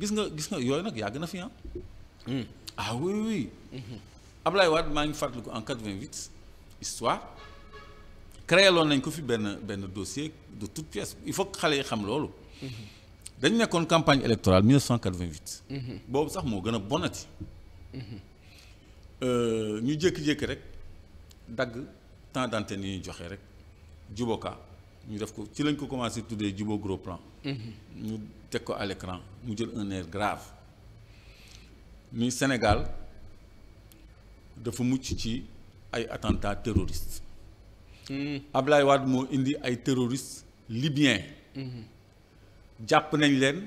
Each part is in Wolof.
gis nga gis nga yooyu nag yàgg na fi ah. Hmm. ah oui oui. Ablaye Wade maa ngi fàttaliku en 88 histoire créé loon nañ ko fi benn benn dossier de toute pièce il faut xale yi xam loolu. dañ nekkoon campagne électorale 1988. boobu sax moo gën a bonati. Euh, ñu jékki-jékki rek dagg temps d'antenne yi ñu joxe rek juboka ñu def ko ci lañ ko commencé tuddee Djibo Gros Plan. Mm-hmm. ñu teg ko à mu jël un air grave muy Sénégal dafa mucc ci ay attentats terroristes. Mm-hmm. Ablaye Wade moo indi ay terroristes libyens. Mm-hmm. jàpp nañ leen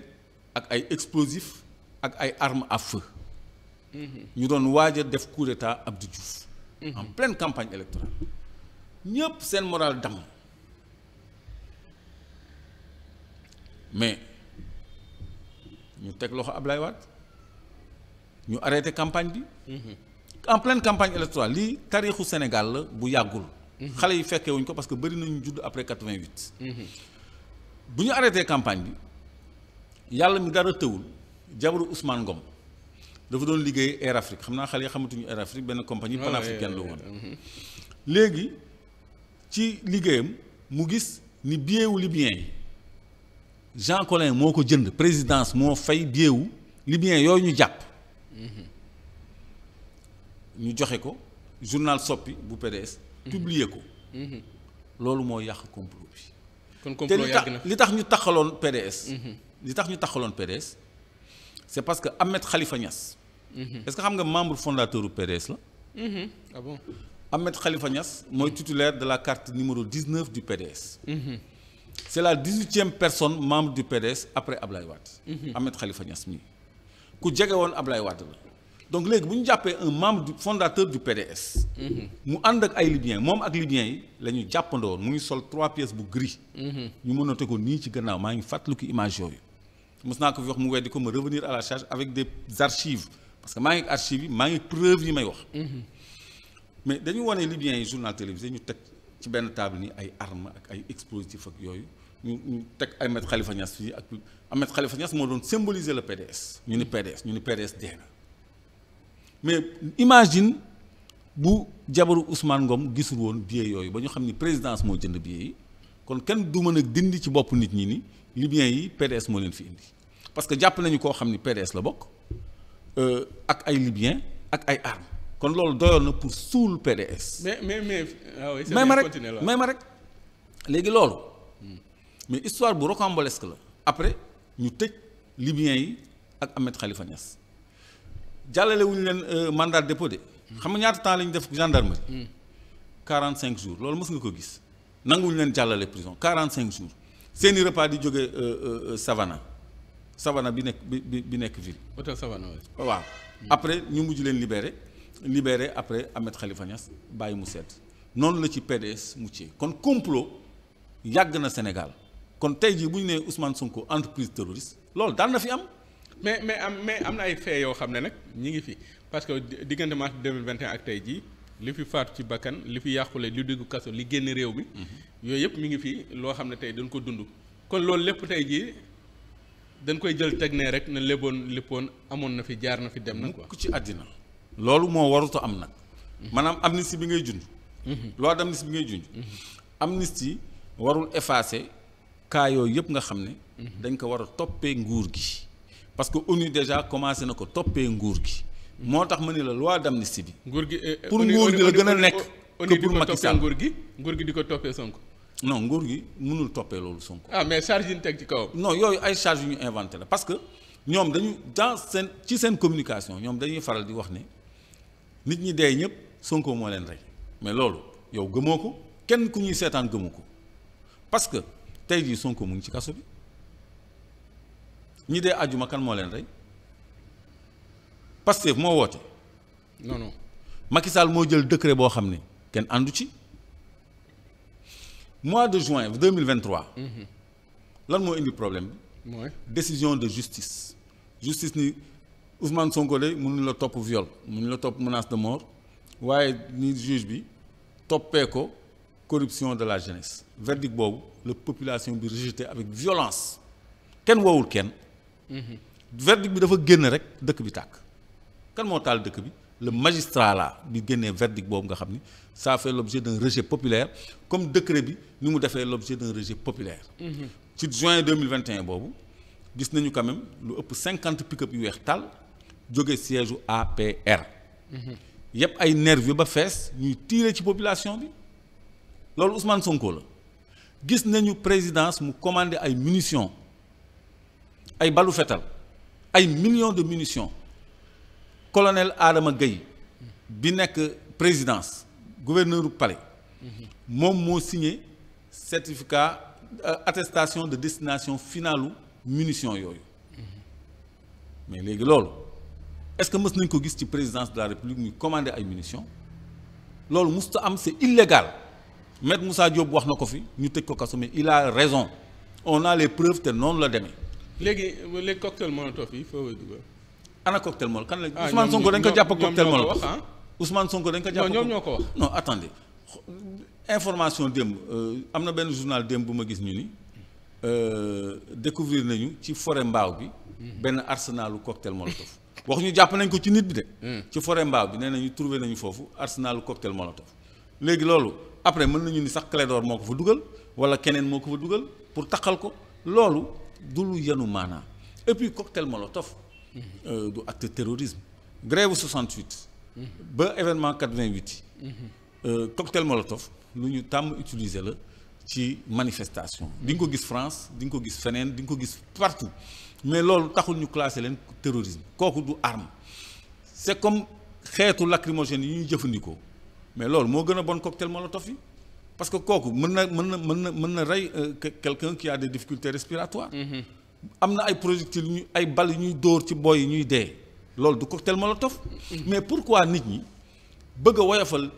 ak ay explosifs ak ay arme à ñu doon waaj a def coup ab Abdou Diouf. en pleine campagne électorale ñëpp seen moral damm. mais ñu teg loxo Ablaye Wade ñu arrêté campagne bi. Mm-hmm. en pleine campagne électorale lii tarixu Sénégal la bu yàggul. Mm-hmm. xale yi fekkee wuñ ko parce que bëri nañu judd après 88. Mm-hmm. bu ñu arrêté campagne bi yàlla mi dara tëwul jabaru Ousmane Ngom dafa doon liggéey Air Afrique xam naa xale yi xamatuñu Air Afrique benn compagnie ah, panafricaine la woon. léegi ci liggéeyam mu gis ni billet wu yi Jean Collin moo ko jënd présidence moo fay biewu libyen yooyu ñu jàpp ñu joxe ko journal soppi bu PDS publier ko loolu moo yàq complot bi kon complot na li tax ñu taxaloon PDS mhm. li tax ñu taxaloon PDS c'est parce que Ahmed Khalifa Niass mhm. est que xam nga membre fondateur u PDS la mhm. ah bon Ahmed Khalifa Niass mooy titulaire de la carte numéro 19 du PDS c' est la dix huitième personne membre du PDS après Ablaye Wade. Ahmed Khalifa Niass mii ku jege woon Ablaye Wade la donc léegi bu ñu jàppee un membre du fondateur du PDS. mu ànd ak ay libyens moom ak libyens yi la ñu jàppandoo woon mu ngi sol trois pièces bu gris. ñu mën a teg ko nii ci gannaaw maa ngi fàttaliku image yooyu. mos naa ko fi wax mu weddi ko ma revenir à la charge avec des archives parce que maa ngi archives yi maa ngi preuve yi may wax. mais dañu yi journal télévisé ñu teg. ci benn table ni ay armes ak ay explosifs ak yooyu ñu ñu teg ay Khalifa Niass fii ak Ahmed Khalifa moo doon symboliser le PDS ñu ni PDS ñu ni PDS dee mais imagine bu jabaru Ousmane Ngom gisul woon bie yooyu ba ñu xam ni présidence moo jënd billet yi kon kenn du mën ak dindi ci bopp nit ñi ni Libyens yi PDS moo leen fi indi parce que jàpp nañu koo xam ni PDS la bokk euh, ak ay Libyens ak ay armes kon loolu doyoon na pour suul PDS. mais mais mais ah oui, may ma rek may ma rek léegi loolu. mais histoire bu rocambolesque la. après ñu tëj libyens yi ak Ahmed xalifa ñas jàllale wuñu leen euh, mandat de dépôt de xam nga ñaata temps la ñu def gendarmerie. 45 jours loolu mës nga ko gis. nanguwuñu leen jàllale prison cinq jours seeni repas di jóge savana euh, euh, savana bi nekk bi bi nekk ville. hôtel savana waaw après ñu mujj leen libéré. libéré après Ahmed xalifa Niass bàyyi mu sedd noonu la ci PDS muccee kon complot yàgg na Sénégal kon tey jii bu ñu nee Ousmane Sonko entreprise terroriste loolu daal na fi am. mais mais am mais am na ay faits yoo xam ne nag ñi ngi fi parce que diggante mars 2021 ak tey jii li fi faatu ci bakkan li fi yàqule li dugg kaso li génn réew mi. Mhm. yooyu yëpp mu ngi fi loo xam ne tey dañ ko dund. kon loolu lépp tey jii dañ koy jël teg ne rek na léboon léppoon amoon na fi jaar na fi dem na quoi. ci àddina loolu moo waruta am nag maanaam amnistie bi ngay junj loi d'amnistie bi ngay junj amnistie warul effacer cas yooyu yëpp nga xam ne dañ ko war a toppee nguur gi parce que au ni déjà commencé na ko toppee nguur gi moo tax ma ni la loi d'amnistie bi nguur gi eh, pour nguur gi la gën a nekk que pour Macky Sall nguur gi nguur gi di ko toppee sonk no nguur gi mënul toppee loolu sonk ah mais charge yi ñu teg ci kawam non yooyu ay charge yu ñu inventé la parce que ñoom dañu dans seen ci seen communication ñoom dañuy faral di wax ne nit ñi dee ñëpp Sonko moo leen rey mais loolu yow gëmoo ko kenn ku ñuy seetaan gëmu ko parce que tey jii Sonko mu ngi ci kaso bi ñi dee àjjuma kan moo leen rey Pastef moo woote. non non moo jël décret boo xam ne kenn àndu ci mois de juin 2023. Mhm. lan moo indi problème bi. mooy décision de justice justice ni. Ousmane Sonko de mënuñ la topp viol mënuñ la topp menace de mort waaye ni juge bi toppee ko corruption de la jeunesse verdict boobu la population bi rejeté avec violence kenn woowul kenn. verdict bi dafa génn rek dëkk bi tàkk. kan moo taal dëkk bi le magistrala là bi génnee verdict boobu nga xam ni ça fait l' objet d' populaire comme décret bi ni mu defee l' objet d' un rejet populaire. Mhm. ci juin mille vingt et boobu gis nañu quand lu ëpp cinquante pick-up yu weex tàll. jóge siège u APR yëpp ay nervi ba fees ñuy tiire ci population bi loolu Ousmane Sonko la gis nañu présidence mu commandé ay munitions ay balu fetal ay millions de munitions colonel Adama Gueye bi nekk présidence gouverneur du palais moom moo signe certificat euh, attestation de destination finalu munitions yooyu mais léegi loolu est-ce que mës nañ ko gis ci présidence de la république muy commander ay munitions loolu musta am c'est illégal maître Moussa Diop wax na ko fi ñu tëj ko kaso mais il a raison on a les preuves te noonu la demee. léegi léegi cocktail molotov yi foo koy dugal. ana cocktail molotov kan la ah, ah? Ousmane Sonko dañ ko jàpp cocktail molotov Sonko dañ ko jàpp. ñoom ñoo ko wax non attendez information démb euh, am na benn journal démb bu ma gis ñu ni euh, découvrir nañu ci forêt mbaaw bi mm-hmm. benn arsenalu cocktail molotov. wax ñu jàpp nañ ko ci nit bi de. Hmm. ci forêt mbaaw bi nee nañu trouver nañu foofu arsenal cocktail molotov léegi loolu après mën nañu ni sax Clédor moo ko fa dugal wala keneen moo ko fa dugal pour taxal ko loolu du lu yenu maanaa et puis cocktail molotov. Hmm. Euh, du acte terrorisme. grève 68. Hmm. ba événement 88. Euh, cocktail molotov lu ñu tàmm utiliser la ci manifestation di nga ko gis France di nga ko gis feneen di nga ko gis partout. mais loolu taxul ñu classé leen terrorisme kooku du arme c'est comme xeetu lacrymogène yi ñuy jëfandikoo mais loolu moo gën a bon cocktail molotov yi parce que kooku mën na mën na mën na mën na rey euh, quelqu'un qui a des difficultés respiratoires mm-hmm. am na ay projectiles ñu ay bal yu ñuy dóor ci booy yi ñuy dee loolu du cocktail molotov mm-hmm. mais pourquoi nit ñi bëgg a woyofal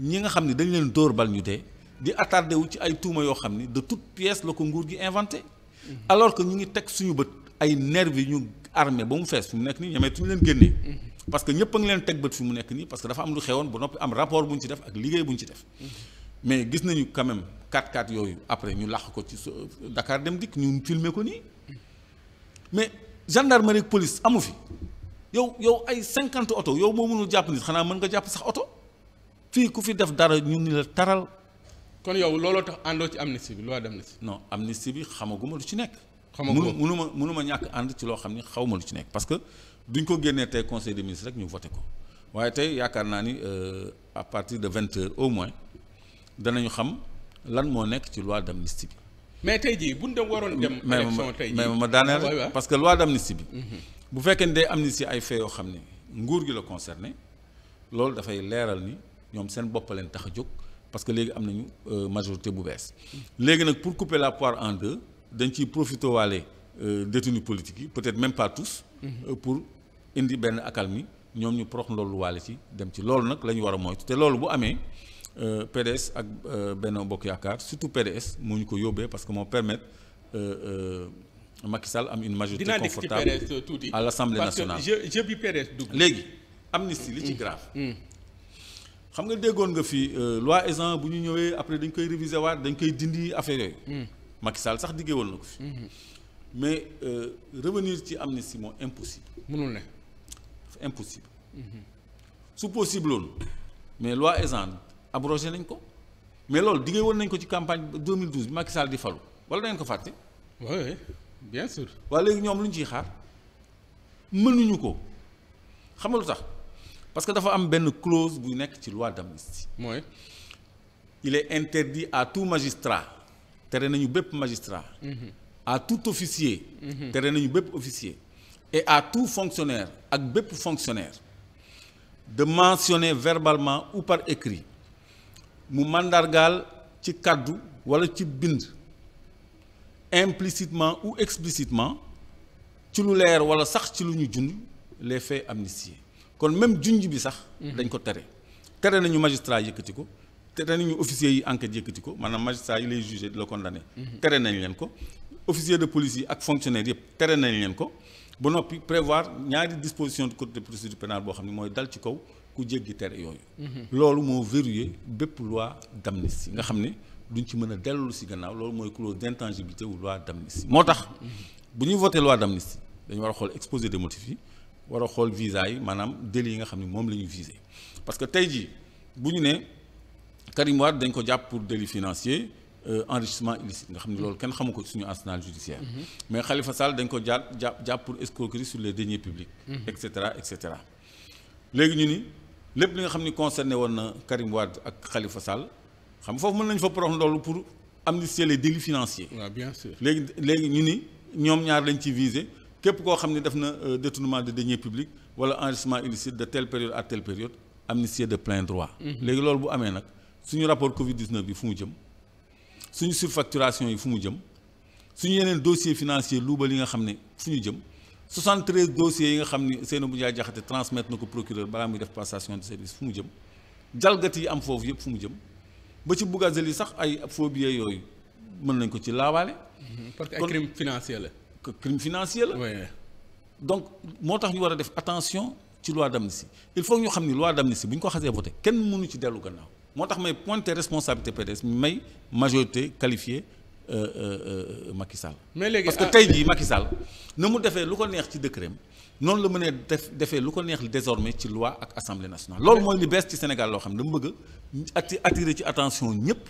ñi nga xam ne dañ leen dóor bal ñu dee di attardé wu ci ay tuuma yoo xam ni de toute pièce la ko nguur gi inventé mm-hmm. alors que ñu ngi teg suñu bët ay nervi yu ñu armé ba mu fees fi mu nekk nii ñemeetuñu leen génnee parce que ñëpp a leen teg bët fi mu nekk nii parce que dafa am lu xewoon ba noppi am rapport bu ñu ci def ak liggéey bu ñu ci def mais gis nañu quand même 4 yooyu après ñu làq ko ci dakaar dem dikk ñu filmer ko nii mais gendarmerie ak police amu fi yow yow ay 50 oto yow moo mënul jàpp nit xanaa mën nga jàpp sax oto fii ku fi def dara ñu ni la taral. kon yow looloo tax àndoo ci amnistie bi loi d'amnistie. non amnistie bi xamaguma lu ci nekk. mënu mënuma mënuma ñàkk ànd ci loo xam ni xaw ma lu ci nekk parce que duñ ko génnee tey conseil des ministres rek ñu voté ko waaye tey yaakaar naa ni euh, à partir de vingt heures au moins danañu xam lan moo nekk ci loi d'amnistie bi. mais tey jii bu ñu dem waroon dem. élection tey jii mais ma daaneel parce que loi si bi. Mhm. bu fekkee ne day amnistie ay fait yoo xam ne nguur gi la concerné loolu dafay leeral ni ñoom seen bopp tax a jóg parce que léegi am nañu euh, majorité bu bees. Mhm. léegi nag pour couper la poire en dañ ciy profité waale euh, détenus politiques yi peut-être même pas tous. Mhm. Euh, pour indi benn accalmie ñoom ñu prox loolu waale ci dem ci loolu nag la ñu war a moytu te loolu bu amee euh, PDS ak Benno Bokk Yaakaar surtout PDS moo ñu ko yóbbee parce que moo permettre. Macky Sall am une majorité confortable à l'Assemblée nationale je bi PDS dugg léegi amnistie li ci mm. grave mm. xam nga déggoon nga fi loi Ezzan bu ñu ñëwee après dañ koy réviser waat dañ koy dindi affaire yooyu mm. Macky Sall sax diggé woon na ko fi. Mhm. mais euh, revenir ci amnistie moo impossible. mënul ne. dafa impossible. Mhm. su possible mais loi Ezzan abrogé nañ ko mais loolu diggé woon nañ ko ci campagne 2012 bi Macky Sall di falu wala da ko fàtte. oui bien sûr. waa léegi ñoom lu ñu ciy xaar mënuñu ko xam nga lu tax parce que dafa am benn clause bu nekk ci loi d'amnistie. mooy il est interdit à tout magistrat. tere nañu bépp magistrat mhm. à tout officier mhm. tere nañu bépp officier et à tout fonctionnaire ak bépp fonctionnaire de mentionner verbalement ou par écrit mu màndargaal ci kàddu walla ci bind implicitement ou explicitement ci lu leer walla sax ci lu ñu jund les faits amnistiés kon même junj bi sax mhm. dañ ko tere tere nañu magistrat yëkkati ko te nañu officiers yi enquête yëkkati ko maanaam magistrat yi lay jugé di la condamné. Mhm. tere nañ leen ko officier de police yi ak fonctionnaire yëpp tere nañ leen ko ba noppi prévoir ñaari disposition du code de procédure pénale boo xam ne mooy dal ci kaw ku jéggi tere yooyu. Mhm. loolu moo verrouillé bépp loi yi nga xam ne duñ ci mën a dellu si gannaaw loolu mooy clause d'intangibilité wu loi d'amnistie moo tax. Mhm. bu ñuy voté loi d'amnistie dañu war a xool exposé des motifs yi war a xool visa yi maanaam délits yi nga xam ne moom la ñu visé parce que tey bu ñu nee. Karim Wade dañ ko jàpp pour délit financier euh, enrichissement illicite nga xam ne loolu kenn xamu ko suñu arsenal judiciaire mm-hmm. mais Khalifa Sall dañ ko jàpp jàpp pour escroquerie sur les deniers publics mm-hmm. et cetera et cetera léegi ñu ni lépp li nga xam ni concerné woon na Karim ak xalifa Sall xam foofu mën nañu fa prox loolu pour amnistier les délits financiers léegi léegi ñu ni ñoom ñaar lañ ci visé képp koo xam ne def na euh, détournement de deniers publics wala enrichissement illicite de telle période à telle période amnistier de mm-hmm. léegi loolu bu amee nag suñu rapport Covid 19 bi fu mu jëm suñu surfacturation yi fu mu jëm suñu yeneen dossier financier luuba li nga xam ne fu ñu jëm 73 dossiers yi nga xam ne Seynabou Ndiaye Diakhaté transmettre na ko procureur balaa muy def passation de service fu mu jëm jalgati yi am foofu yëpp fu mu jëm ba ci Bougazelli yi sax ay phobie yooyu mën nañ ko ci laawaale. Mhm, parce que ay crime financier la. crime financier la. donc moo tax ñu war a def attention ci loi d'amnistie il faut ñu xam ni loi d'amnistie bu ñu ko ci dellu gannaaw. moo tax may pointé responsabilité PDS may majorité qualifiée euh, euh, euh, Macky Sall. mais léegi parce ah, tey jii Macky Sall na mu defee lu ko neex ci décret noonu la mënee def defee lu ko neex désormais ci loi ak assemblée nationale. lool mooy li bees ci Sénégal loo xam ne dama bëgg attirer ci attention ñëpp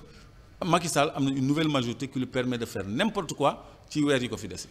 Macky Sall am na une nouvelle majorité qui lui permet de faire n'importe quoi ci weer yi ko fi bi